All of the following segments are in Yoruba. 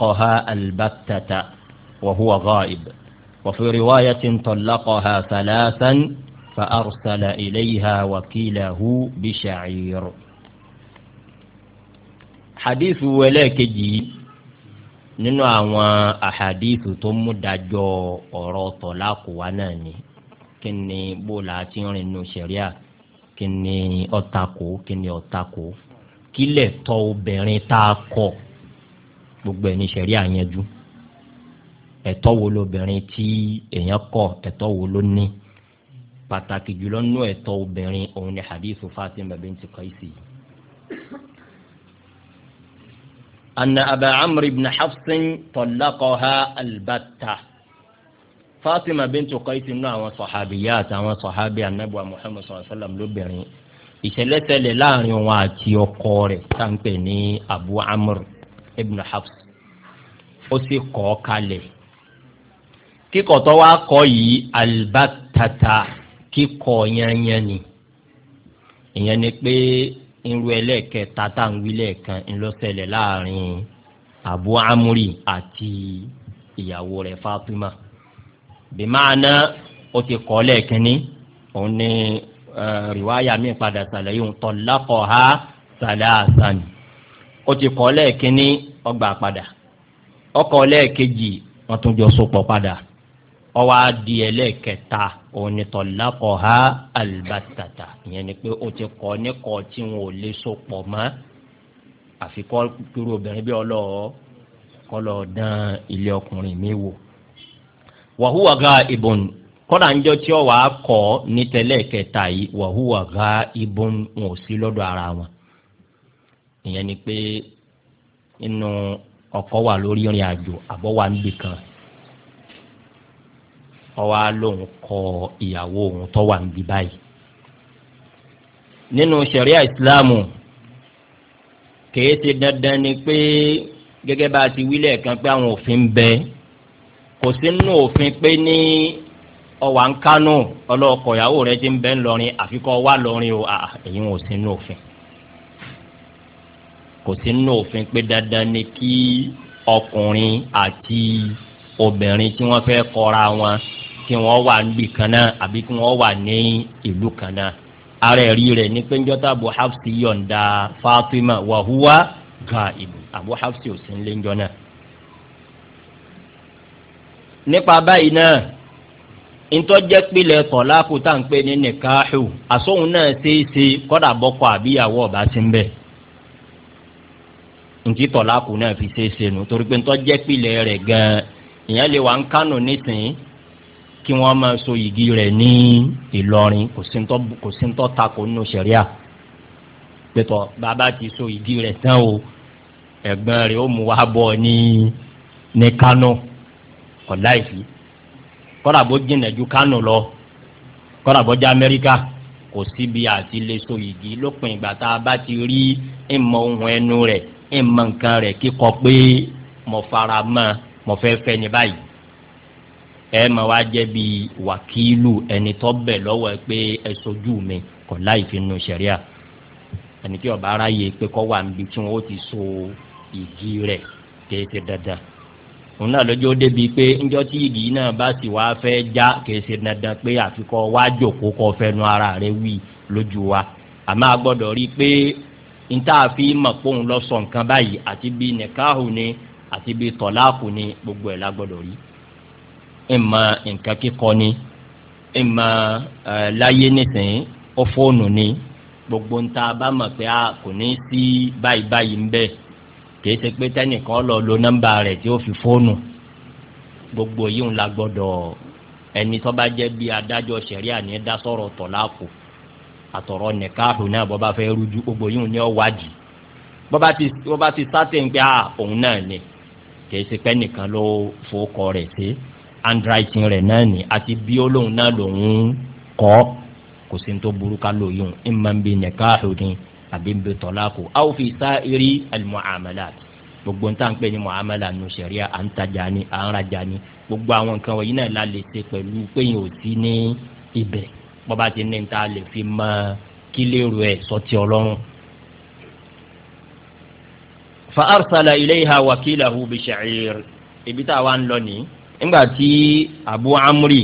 طلقها البتة وهو غائب وفي رواية طلقها ثلاثا فأرسل إليها وكيله بشعير حديث ولاكجي nínú àwọn àhàdíìtù tó mú dájọ́ ọ̀rọ̀ tọ̀láàkù wá náà ni kí ni bóòlà ti ń rìn nù sẹ̀ríà kí ni ọ̀tàkù kí ni ọ̀tàkù kílẹ̀ gbogbo ẹni sẹ̀rí àyànjú ẹ̀tọ́ wo lobìnrin tí èèyàn kọ̀ ẹ̀tọ́ wo ló ní pàtàkì jùlọ nínú ẹ̀tọ́ obìnrin òun ni hadithu Fatima binti Qaisi. أن أبا عمرو بن حفص طلقها البتة Fatima bintu Qaisi nínú àwọn sọ̀hábìyàt àwọn sọ̀hábì anábùwà Muhammad sallallahu alaihi wasallam lóbìnrin ìṣẹ̀lẹ̀ tẹ̀lé láàrin wọn àti ọkọ rẹ̀ tá à ń pè ní Abu Amr ibn Hafs ó sì kọ́ ọ kalẹ̀ kíkọ̀ tó wá kọ́ yìí albatata kíkọ̀ yanyan ni ìyẹn ni pé irú ẹlẹ́ẹ̀kẹta tá à ń wí lẹ́ẹ̀kan ńlọ́sẹ̀lẹ̀ láàrin Abu Amri àti ìyàwó rẹ̀ Fatima bí máa ná ó ti kọ́ lẹ́ẹ̀kínní òun ni eh, rìwáyà mi padà sàlẹ̀ yìí ń tọ́ lákọ̀ọ́ ha sàlẹ̀ àṣà ni. ó ti kọ́ lẹ́ẹ̀kínní ọgbà padà ọkọ̀ lẹ́ẹ̀kejì wọ́n tún jọ sopọ̀ padà ọwọ́ adi ẹlẹ́ẹ̀kẹta onítọ̀lákọ̀ ha alibatata ìyẹn ni pé ó ti kọ́ ní tí wọn ò lè sopọ̀ mọ́ àfi kúrò obìnrin bí ọlọ́ọ̀ kọ́ lọ ilé ọkùnrin mi wò ìbọn kọ́dà ọ yìí ìbọn ara wọn ìyẹn ni pé inú ọkọ wà lórí ìrìn àjò àbọ̀ wà níbì kan ọwọ́ á lóun kọ ìyàwó òun tó wà níbí báyìí nínú ṣẹ̀ríà ìsìláàmù kìí ṣe dandan ni pé gẹ́gẹ́ bá a ti wílẹ̀ kan pé àwọn òfin ń bẹ kò sí nínú òfin pé ní ọwà ń kánú ọlọ́ọ̀kọ̀ rẹ ti ń bẹ ńlọrin àfikọ́ wà lọrin o èyí wọn ò sí nínú òfin kò sí nínú òfin pé dandan ni kí ọkùnrin àti obìnrin tí wọ́n fẹ́ kọra wọn kí wọ́n wà níbì kan náà àbí kí wọ́n wà ní ìlú kan náà ara ẹ̀rí rẹ̀ ní pé njọ́tà abu hafsi yọ̀ǹda fatima wàhúwà gaibu abu hafsi ò sí ń lé njọ́ náà. nípa báyìí náà ntọ́jẹ́ pilẹ̀ tọ̀lá kó tá à ń pè ní nìkaahù àsóhun náà ṣeé ṣe kọ́dà bọ́kọ àbíyàwó ọ̀bá sí ń bẹ́ẹ̀ ntí tọ̀láàkù náà fi ṣe é ṣe nù torí pé ntọ́ jẹ́ pìlẹ̀ rẹ̀ gan-an ìyẹn lè wà ń kánò nísìnyí kí wọ́n máa so yìgì rẹ̀ ní Ìlọrin kò sí ntọ́ takò nínú ṣẹ̀ríà pẹ̀tọ̀ bàbá ti so yìgì rẹ̀ tán o ẹ̀gbọ́n rẹ̀ ó mú wa bọ̀ ní ní Kánò ọ̀la ìfì kọ́dà bó jìnnà ju Kánò lọ kọ́dà bó jẹ́ Amẹ́ríkà kò síbi àti lè so yìgì lópin ìgbà tá a bá ti rí ìmọ̀ ohun ẹnu rẹ̀ ìmọ̀ nkan rẹ̀ kíkọ pé mo fara mọ́ mo fẹ́ fẹ́ ni báyìí ẹ mà wá jẹ́ bí wàkílù ẹni tó bẹ̀ lọ́wọ́ ẹ pé ẹ sojú mi kọ̀ láì fi nu sẹ̀ríà ẹni tí ọba ara yẹ pé kọ́ wà níbi tí wọ́n ti so ìdí rẹ̀ dandan igi náà bá ara rẹ̀ wí lójú wa àmọ́ a gbọ́dọ̀ níta fi mọ̀ póun lọ sọ nǹkan báyìí àti bíi nìkáhù ni àti bíi tọ̀láàkù ni gbogbo ẹ̀ lágbọ́dọ̀ rí ìmọ̀ nǹkan kíkọ ni ìmọ̀ láyé nísìnyí ó fóònù ni gbogbo ń ta bá mọ̀ pé a kò ní sí báyìí báyìí ń bẹ̀ kìí ṣe pé tẹ́nìkan lo nọ́mbà rẹ̀ tí ó fi fóònù gbogbo yìí ń la gbọ́dọ̀ ẹni tó bá jẹ́ bí adájọ́ ṣẹ̀ríà ní dá sọ̀rọ̀ àtọ̀rọ̀ nìkaahù náà bọ́ bá fẹ́ rújú gbogbo yìí ní ọ̀wádìí bọ́ bá ti sátẹ̀ ń pẹ́ à òun náà ni kì í ṣe pẹ́ nìkan ló fowókọ rẹ̀ sí handwriting rẹ̀ náà ni àti bí olóhùn náà lòun kọ́ kò sí ní tó burú ká lò yìí ń máa ń bi nìkaahù ni àbí ń bi tọ́láàkù aw fi sa'iri al-mu'amalat gbogbo ń tà ń pè ní mu'amala nù à ń tajà ni à ń rajà ni gbogbo àwọn nǹkan wọ̀nyí náà la lè ṣe pẹ̀lú péyìn òtí ní ibẹ̀ bọ́ba ti ní ta lè fi mọ kí lérò ẹ̀ sọtì ọlọ́run. fa arsala ilayha wakilahu bi sha'ir ibi tá a wá ń lọ ní. nígbà tí abu amri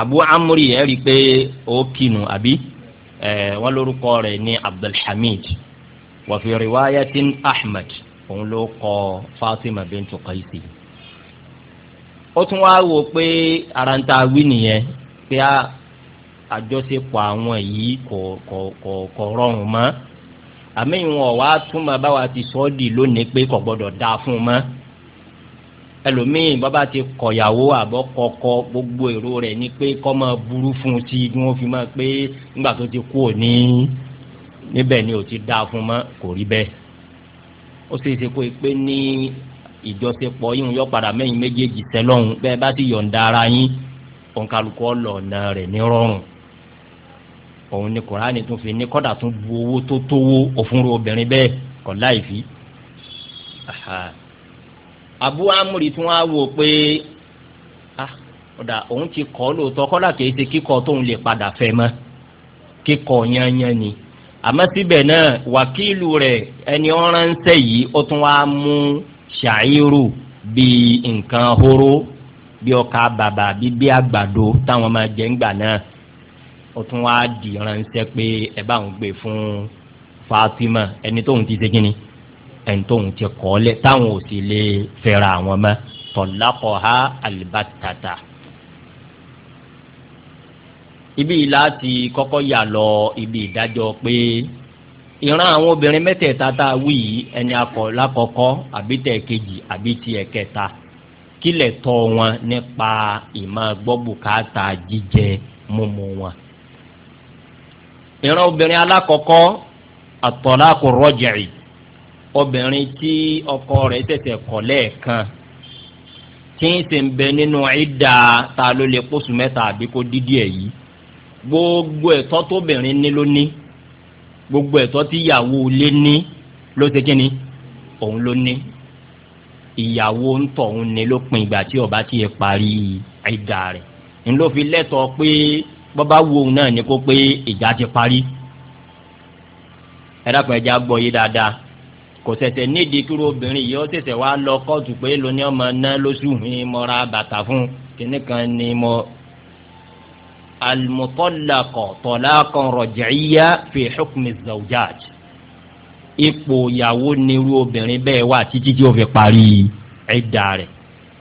abu amri ẹ̀ rí i pé ó kinu àbí ẹ̀ wọ́n lórúkọ rẹ̀ ní abdulhamid wa fi ahmed òun ló kọ fatima bintu qaisi ó tún wá wò pé ara nìyẹn pé a. Ah, àjọṣepọ̀ àwọn yìí kò kò kò kò rọrùn mọ́ àmì ìwọ̀n wa túmọ̀ báwa ti sọ ọ́ di lónìí pé kò gbọ́dọ̀ dáa fún un mọ́ ẹlòmíì bàbá ti kọ̀yàwó àbọ̀ kọ̀kọ́ gbogbo èrò rẹ̀ ni pé kọ́ máa burú fún un tí wọ́n fi máa pé nígbà tó ti kú òní níbẹ̀ ni ò ti dáa fún un mọ́ kò rí bẹ́ẹ̀ ó sì ṣe kó e pé ní ìjọṣepọ̀ yín yọ mẹ́yìn méjèèjì tẹ́lọ́hún bẹ́ẹ̀ bá ti yọ̀ǹda ara yín òǹkàlùkọ́ lọ̀ọ̀nà rẹ̀ ní rọrùn òun ni kòránì tún fi ní kọ́dà tún bu owó tó tówó òfúnru obìnrin bẹ́ẹ̀ kọ́ láì fi. abu amúri tún wá wò pé kódà ah, òun ti kọ́ lóòótọ́ kọ́dà kìí ṣe kíkọ́ tóun lè padà fẹ́ mọ́ kíkọ́ yányán ni àmọ́ síbẹ̀ náà wàkílù rẹ̀ ẹni ọ̀ránṣẹ́ yìí ó tún wá mú ṣàìrù bíi nǹkan horo bí ọkà bàbà bíbí àgbàdo táwọn máa jẹ ńgbà náà ó tún wá di ránṣẹ́ pé ẹ bá òun gbé fún Fatima ẹni tóun ti ṣe kínni ẹni tóun ti kọ́ lẹ̀ táwọn ò sì lè fẹ́ra àwọn mọ́ tọ̀lákọ̀ ha alibatata. ibi yìí láti kọ́kọ́ yà lọ ibi ìdájọ́ pé ìran àwọn obìnrin mẹ́tẹ̀ẹ̀ta tá a wí yìí ẹni akọ̀ lákọ̀ọ́kọ́ àbí tẹ̀ kejì àbí tiẹ̀ kẹta kílẹ̀ tọ́ wọn nípa ìmọ̀ gbọ́ jíjẹ mímu wọn ìran obìnrin alákọ̀ọ́kọ́ àtọ̀láàkù rọ́jìrì obìnrin tí ọkọ rẹ̀ tẹ̀tẹ̀ kọ̀ lẹ́ẹ̀kan tí ń sì ń bẹ nínú ìdá ta ló lè pósù mẹ́ta àbí kó dídí ẹ̀ yìí gbogbo ẹ̀tọ́ tóbìnrin ní ló ní gbogbo ẹ̀tọ́ tíyàwó lé ní ló ṣe kí ni òun ló ní ìyàwó ń tọ̀ òun ní ló pin ìgbà tí ó bá tiẹ̀ parí ìdá rẹ̀ ńlọ fi lẹ́tọ̀ọ́ pé bọ́bá wo òun náà ni kó pé ìjà ti parí ẹ dákun ẹja gbọ́ yé dáadáa kò ṣẹ̀ṣẹ̀ nídìí kúrò obìnrin yìí ó ṣẹ̀ṣẹ̀ wá lọ kóòtù pé lóní ọmọ náà lóṣù yìí mo ra bàtà fún kíní kan ni mo almutallaqo talaqan raj'iyya fi hukmi zawjat ipò ìyàwó nírú obìnrin bẹ́ẹ̀ wà títí tí ó fi parí ẹ̀dá rẹ̀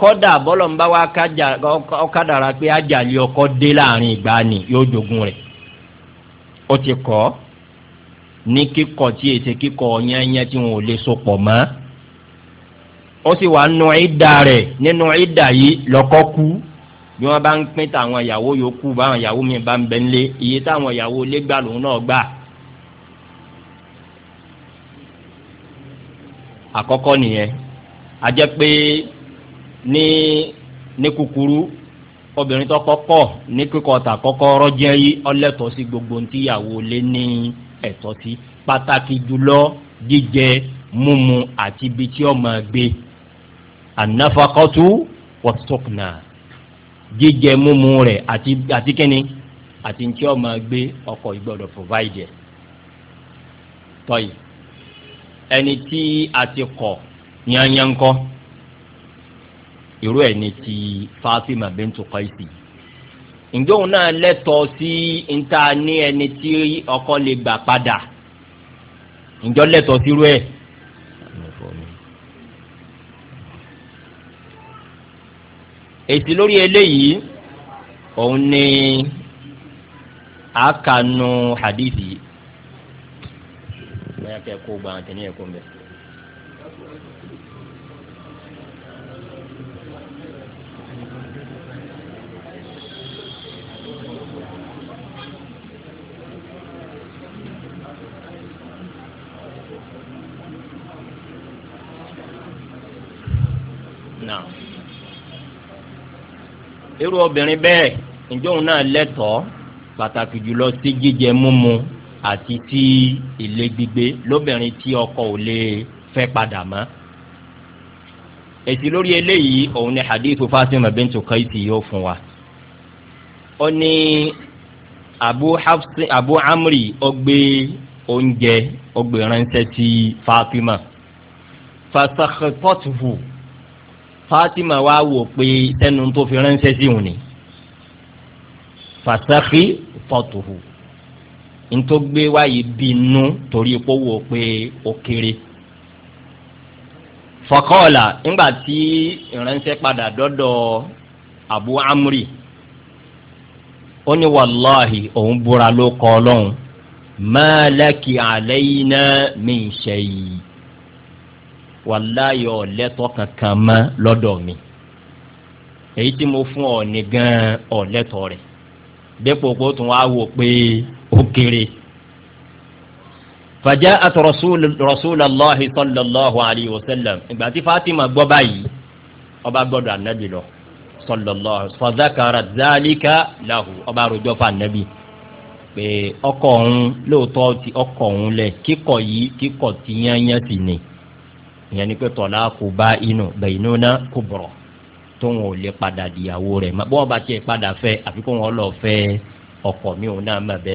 kọ́dà bọ́lọ̀mbá wa ọ̀kadàra pé ajali ọkọ dé láàrin ìgbà ni yóò jogun rẹ̀ ó ti kọ́ ní kíkọ́ tí ètè kíkọ́ yẹ́nyẹ́ tí wọn ò lè so pọ̀ mọ́ ó sì wà nù ìdá rẹ̀ nínú ìdá yìí lọ́kọ́ kú bí wọ́n bá ń pín táwọn ìyàwó yòókù báwọn ìyàwó mi bá ń bẹ nílé iye táwọn ìyàwó ilé gbà lòun náà gbà. àkọ́kọ́ nìyẹn a jẹ́ pé ní ní kúkúrú obìnrin tó kọ́kọ́ ní kíkọ́ ta kọ́kọ́ rọ́jẹ́ yìí ọlẹ́tọ̀ sí gbogbo ní tíyàwó lé ní ẹ̀tọ́ sí pàtàkì jùlọ jíjẹ mímu àti ibi tí ó máa gbé ànáfàkọ́tù wọ́tọ́kùnà jíjẹ mímu rẹ̀ àti àti kínní àti tí ó gbé ọkọ ìgbọ́dọ̀ provide tọ́yì ẹni tí a ti kọ̀ yanyan kọ́ irú ẹ̀ ní ti Fatima bintu Qaisi ǹjẹ́ òun náà lẹ́tọ̀ọ́ sí níta ní ẹni tí ọkọ lè gbà padà ǹjọ́ lẹ́tọ̀ọ́ sí irú ẹ̀. èsì lórí eléyìí òun ni àkànú hadithi bẹ́ẹ̀ kẹ́ kó gba àtẹ̀ní ẹ̀kọ́ mbẹ́. irú obìnrin bẹ́ẹ̀ ǹjẹ́ òun náà lẹ́tọ̀ọ́ pàtàkì jùlọ sí jíjẹ múmu àti tí ilé gbígbé lóbìnrin tí ọkọ ò lè fẹ́ padà mọ́ èsì lórí eléyìí òun ni hadithu Fatima bintu Qaisi yóò fún wa ó ní abu hafsi abu amri ó gbé oúnjẹ ó gbé ránṣẹ́ sí Fatima fasakhatotuhu Fatima wá wò pé ẹnu tó fi ránṣẹ́ sí òun ni fasafi fọtuhu ntọgbe wáyé bínú torí epo wò pé ó kéré fọkọọla ńgbà tí ìránṣẹ́ padà dọ́dọ̀ Abu Amri ó ní wàláhì òun búra ló kọ Ọlọ́run máa laki àlẹyìn náà mi ṣe yìí wàláyé ọlẹtọ kankan mọ́ lọ́dọ̀ mi èyí tí mo fún ọ ní gan ọlẹtọ rẹ̀ dépò kó tún wá wò pé ó kéré. فجاءت رسول رسول الله صلى الله عليه وسلم ìgbà tí Fatima gbọ́ báyìí ọba gbọ́dọ̀ Ànábì lọ صلى fún Ànábì pé ọkọ òun ti ọkọ ìyẹn ni pé tọ̀lá kò bá inú bẹ̀yìnúná kò bọ̀rọ̀ tó wọn ò lè padà dìyàwó rẹ̀ bọ́n bá tiẹ̀ padà fẹ́ àfikún wọn lọ fẹ́ ọkọ mi òun náà má bẹ́ẹ̀.